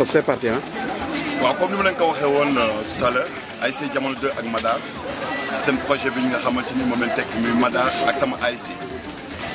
donc c'est parti ah. waaw comme ni ma leen ko waxee woon euh, tout à l'heure ASC Jamono 2 avec Madar seen projet bi ñu nga xamante ni moom lañ teg muy Madar ak sama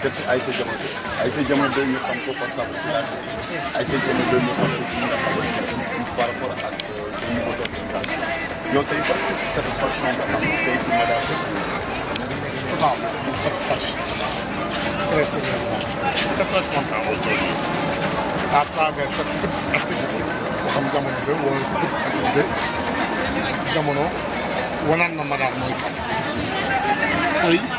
देखिए ऐसे जमा ऐसे जमा दो ये हमको पता चला ऐसे जमा दो ये हमको पर पर जो तेरी पर सेटिस्फेक्शन है हम तेरी की मदद से हाँ सेटिस्फेक्शन ऐसे सेटिस्फेक्शन का वो तो आपका वैसे हम जमा दो वो जमा दो वो ना नंबर आप नहीं कर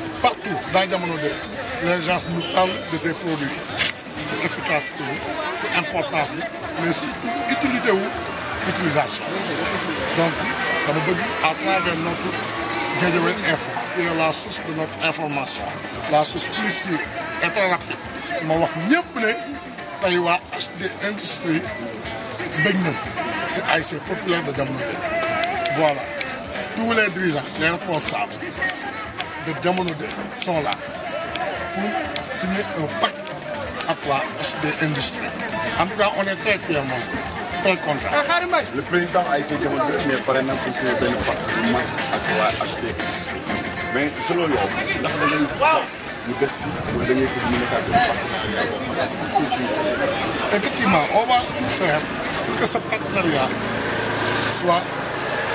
partout dans le les gens nous parlent de ces produits. C'est efficacité, c'est important, mais surtout utilité ou utilisation. Donc, ça nous produit à travers notre gathering Info, qui est la source de notre information, la source plus sûre et très rapide. ma wax ñëpp ne tey HD Industry, c'est populaire de Diamono voilà tous les dirigeants les responsables de Diamono sont là pour signer un pacte à quoi des l'industrie. En tout cas, on est très fiers, très content. Ah, le président a été demandé, mais par exemple, c'est un département Aqua acheté. Mais selon l'homme, la famille, le best vous avez une communication Effectivement, on va faire pour que ce partenariat soit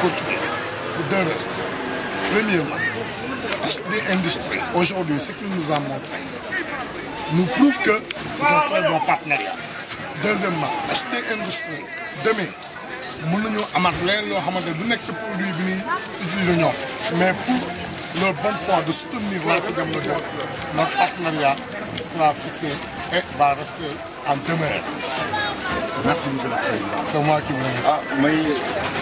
continué pour deux raisons. Premièrement, HD industries, aujourd'hui, ce qu'il nous a montré, nous prouve que c'est un très bon partenariat. Deuxièmement, HD Industries, demain, nous avons ce produit utiliser Mais pour le bon point de soutenir la gamme notre partenariat sera fixé et va rester en demeure. Merci, M. le Président. C'est moi qui vous remercie. Ah,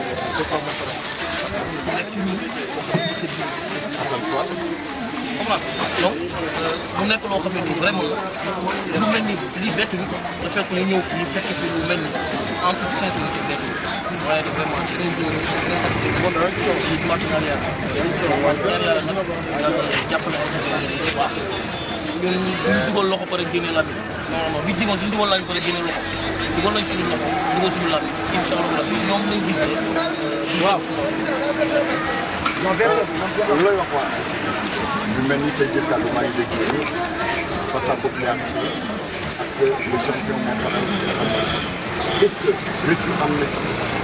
donc mu nekk loo xam ne nii vraiment lu mel ni lii bett bi nga fekk ñu ñëw fii fekk fi lu mel ni en toute sincérité bett bi waaye vraiment ci réseau bi très satisfait ci partenariat bi. yàlla yàlla nag jàppale ay sa bu baax. ñun ñu dugal loxo pare génne làmmiñ non non bi digoon suñu dugal làmmiñ pare génne loxo dugal nañ suñu loxo dugal suñu làmmiñ incha allah rabbi ñoom lañ gis ne waaw loolu lay wax waa ñu mel ni say jëf kàddu maa ngi dégg nii fa sa bopp yaa que le champion moo ko am est-ce que rëccu am na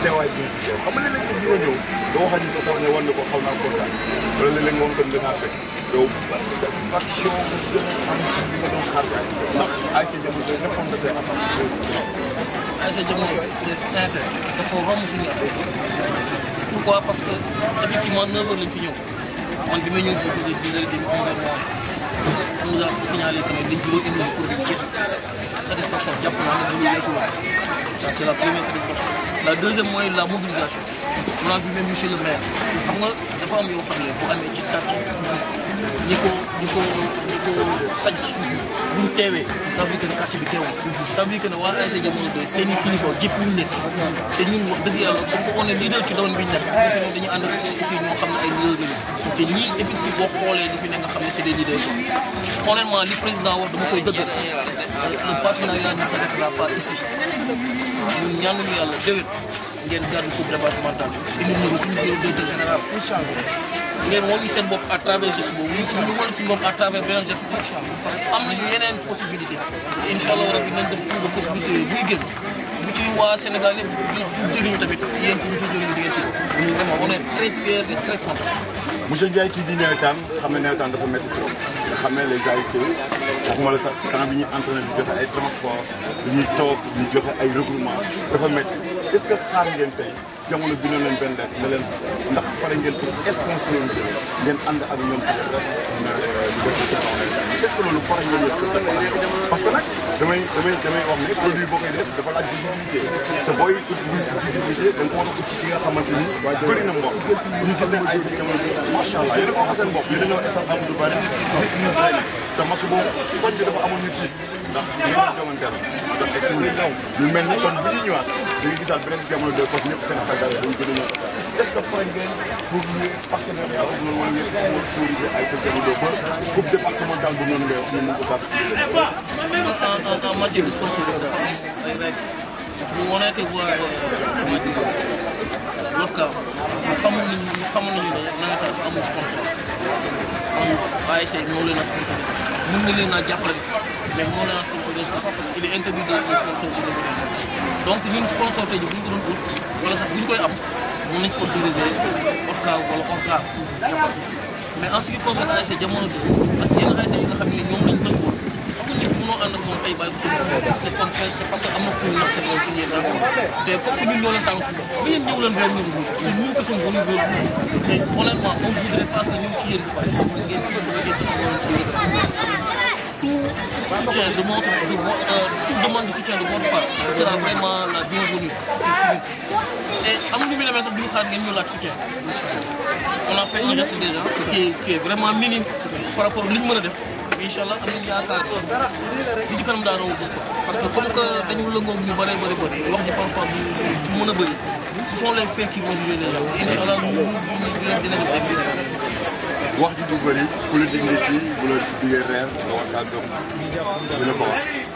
teewaay bi teew xam nga léeg-léeg nit ñoo ñëw doo waxal ñu ko sax ne war na ko xaw naa kontaan wala léeg-léeg moom tam danaa fekk yow satisfaction gën a am ci li nga doon xaar gaay ndax ay sa jamono yooyu nekkoon nga say am ay sa jamono yooyu sincère dafa romb suñu affaire pourquoi parce que effectivement neuf heures lañ fi ñëw man bi ma ñëw foofu de dix heures di on nous a signalé que dañ ko doon indi pour di satisfaction jàpp naa ne loolu weesu woon ça c'est la première satisfaction la deuxième mooy la mobilisation on a vu même monsieur le maire dafa am yoo xam ne bu amee ci quartier ñi ko ñi ko ñi ko bu ñu teewee ça veut bi teewul ça veut dire que ne waa ASC jamono de jëpp ñu nekk te ñun wax dëgg yàlla comme on est leader ci doon bi ñu nekk dañu ànd ak aussi ñoo xam ne ay leader lañu te ñii effectivement boo xoolee li fi ne nga xam ne c'est des leaders quoi li président wax dama koy dëggal avec le partenariat yàlla déwén ngeen gàddu coupe départementale indi ñu suñu directeur général pour changer ngeen won ñu seen bopp à travers geste boobu ñu ñu won suñu bopp à beneen geste parce que am nañu yeneen possibilité incha allah rabbi nañ def pour possibilité yooyu buy génn bu ci waa Sénégal yëpp di jëriñu tamit yéen pour ñu ci jëriñu di ngeen ci vraiment on est très fiers et très contents monsieur Ndiaye kii di nawetaan xam ne nawetaan dafa métti trop nga xam ne les ASC waxuma la sax temps bi ñuy entraîné di joxe ay transport ñuy toog di joxe ay regroupement dafa métti est ce que xaar ngeen tey jamono bi na leen benn def na leen ndax pare ngeen pour responsabilité ngeen ànd ak ñoom ci euh, est ce que loolu pare ngeen parce que nag damay damay damay wax ne produit boo koy def dafa laaj visibilité te booy ut visibilité da nga ko war a ut ci nga xamante ni bëri na mbokk ñu gis ne ay jamono macha allah yéen a ko waxal seen bopp yéen a ñëw stade Amadou Barry parce que ñu tey te match boobu koñ bi dafa amoon ñu tiit ndax ñu jongante la ndax ay suñu ñëw ñu mel ni kon bu ñuy ñëwaat da ngay gisaat beneen jamono de foofu ñëpp seen xagal dañ gën a ñëw est-ce que pare ngeen pour ñu partenariat ak loolu wala ngeen pour prioriser ay sa jamono ba coupe départementale bu noonu ngay wax ñu mën ko participer. sauf que xamuñu xamuñu ne nawetaan bi amul sponsor amul ASC moo leen a sponsorisé mën na leen a jàppale mais moo leen a sponsorisé donc ñun sponsor tey ji bu ñu ko doon ut wala sax bu ñu koy am mën nañ sponsorisé Orca wala Orca mais en ce qui concerne ASC jamono bi ak yenn ASC yi nga xam ne ñoom lañ tënkoon ñoo ànd ak moom tey bàyyi ko c'est comme c'est parce que am na ku ñu naxte loolu suñu yéen te comme que ñun ñoo leen tànn ba yéen ñëw leen vers nous c'est nous qui sommes venus vers vous te honnêtement on voudrait pas que ñu ci yéen ba ngeen ko ngeen ci loolu ci tout soutien de notre de euh, toute demande de soutien de votre part sera vraiment la bienvenue et am na lu muy demee sax duñu xaar ngeen ñu laaj soutien on a fait un geste déjà qui est qui est vraiment minime par rapport liñ mën a def incha allah am nañu yaakaar li ci kanam daanoo ko parce que comme que dañu lëngoo ñu bëree bëri bëri wax ji parfois bu mën a bëri ce sont les faits qui vont juger les gens incha allah ñu dinañ dinañ ay wax ji du bëri ku la dig nit yi bu la diggee reer nga wax daa gëm dina ko wax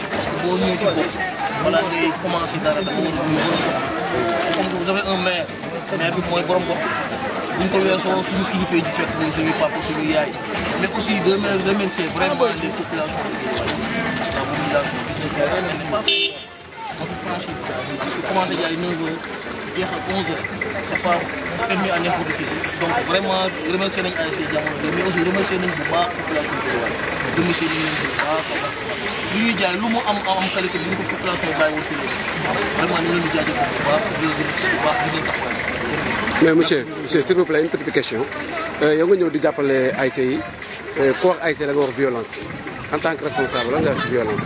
boo ñëwee ci bopp balaa ngay commencé dara dafa war a borom gox comme que vous avez un maire maire bi mooy borom gox bu ñu ko weesoo suñu kilifa yi di fekk mooy suñu papa suñu yaay mais aussi deux mille deux mille c'est vraiment les populations la mobilisation gis nañ jaay nañ ne pas ku commencé jaay 9 heures jeex ak 11 heures c'est pas permis à n'importe qui donc vraiment remercier nañ ASC Jamono mais aussi remercier nañ bu baax population bi mu am am am qualité bi la vraiment mais monsieur monsieur s'il vous plaît une euh, yow nga ñëw di jàppale ASC yi euh, ku wax ASC la nga violence en tant que responsable la nga wax violence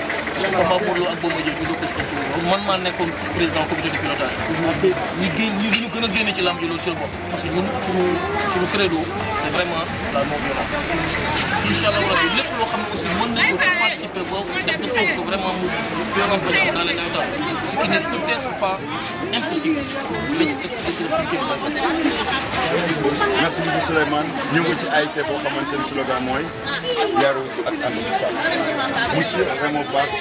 combat Modou Lo ak Bombardier jël ñu doog ko ci man maa nekkoon président comité de pilotage. ñu génn ñu ñu gën a génne ci lamb ji loolu ci la bokk parce que ñun suñu suñu credo c'est vraiment la non violence. incha allah rabi lépp loo xam ne aussi mën nañ ko participer ba def na foofu ko vraiment mu violence ba ñu am dans les nawetaan ce qui n'est peut-être pas impossible mais ñu def ci merci monsieur Souleymane ñu ngi ci ASC boo xamante ni slogan mooy yaru ak ànd bu sàmm monsieur Raymond Ba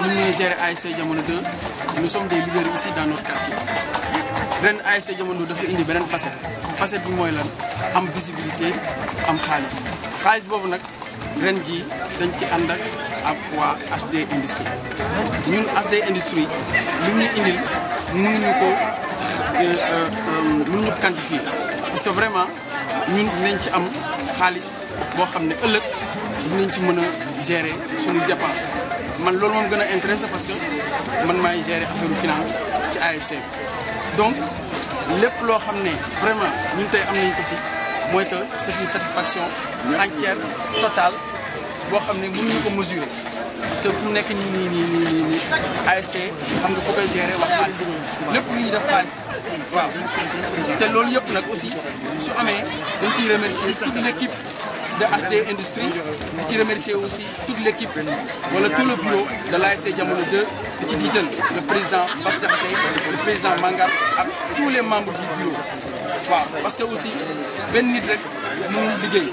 nous ger ay ASC Jamono 2 nous sommes des leaders ici dans notre quartier ren ASC Jamono dafa indi beneen facette facette bi mooy la am visibilité am xaalis xaalis boobu nag ren jii dañ ci ànd ak ak waa HD industrie ñun HD industrie lu ñu indil mënuñu ko euh, euh, mënuñu ko quantifier parce que vraiment ñun dinañ ci am xaalis boo xam ne ëllëg. dinañ ci mën a gérer suñu dépense man loolu moom gën a intéressé parce que man maay gérer affaire finance ci ASC donc lépp loo xam ne vraiment ñun tey am nañ ko ci mooy que c'est une satisfaction entière totale boo xam ne mënuñu ko mesurer parce que fu mu nekk nii nii nii nii nii nii ASC xam nga ko koy gérer wax xaalis lépp lu ñuy def xaalis waaw te loolu yëpp nag aussi su amee dañ ciy remercier toute l'équipe de HD Industrie. Je remercie aussi toute l'équipe, voilà, tout le bureau de l'ASC Diamolo 2, qui le président Bastien le président Manga, tous les membres du bureau. parce que aussi, ben nit nous nous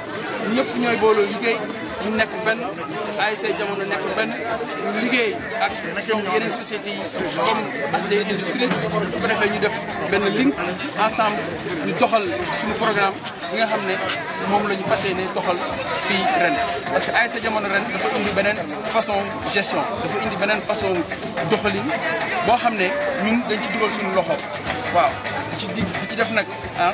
ñëpp ñooy booloo liggéey ñu nekk benn ay ASC jamono nekk benn liggéey ak yeneen sociétés yi comme HT industrie bu ko defee ñu def benn link ensemble ñu doxal suñu programme bi nga xam ne moom la ñu fas yéene doxal fii ren. parce que ASC jamono ren dafa indi beneen façon gestion dafa indi beneen façon doxalin boo xam ne ñu dañ ci dugal suñu loxo waaw ci di ci def nag ah.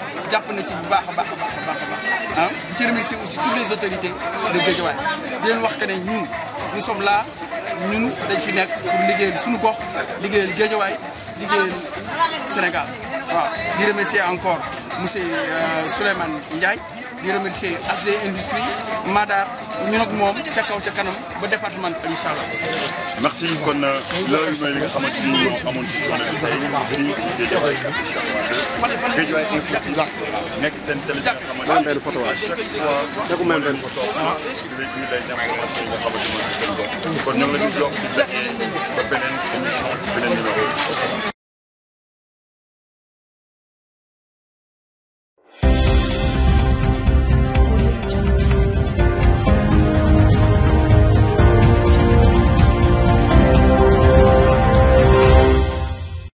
Je ah, remercie aussi toutes les autorités de que nous sommes là nous les pour suñu de Sénégal Je remercie encore M. Euh, Souleymane Ndiaye. di remercier HD Industrie Madar ñun ak moom ca kaw ca kanam ba département bi incha allah. merci kon euh, loolu mooy li nga xamante ni ñoo amoon ci journée bi tey fii ci Guédiawaye ak Guédiawaye Info nekk seen télé bi nga xamante ni à chaque fois nekku même benn photo véhicule les informations yi nga xamante ni seen bopp kon ñoo ngi leen di jox di ba beneen émission beneen numéro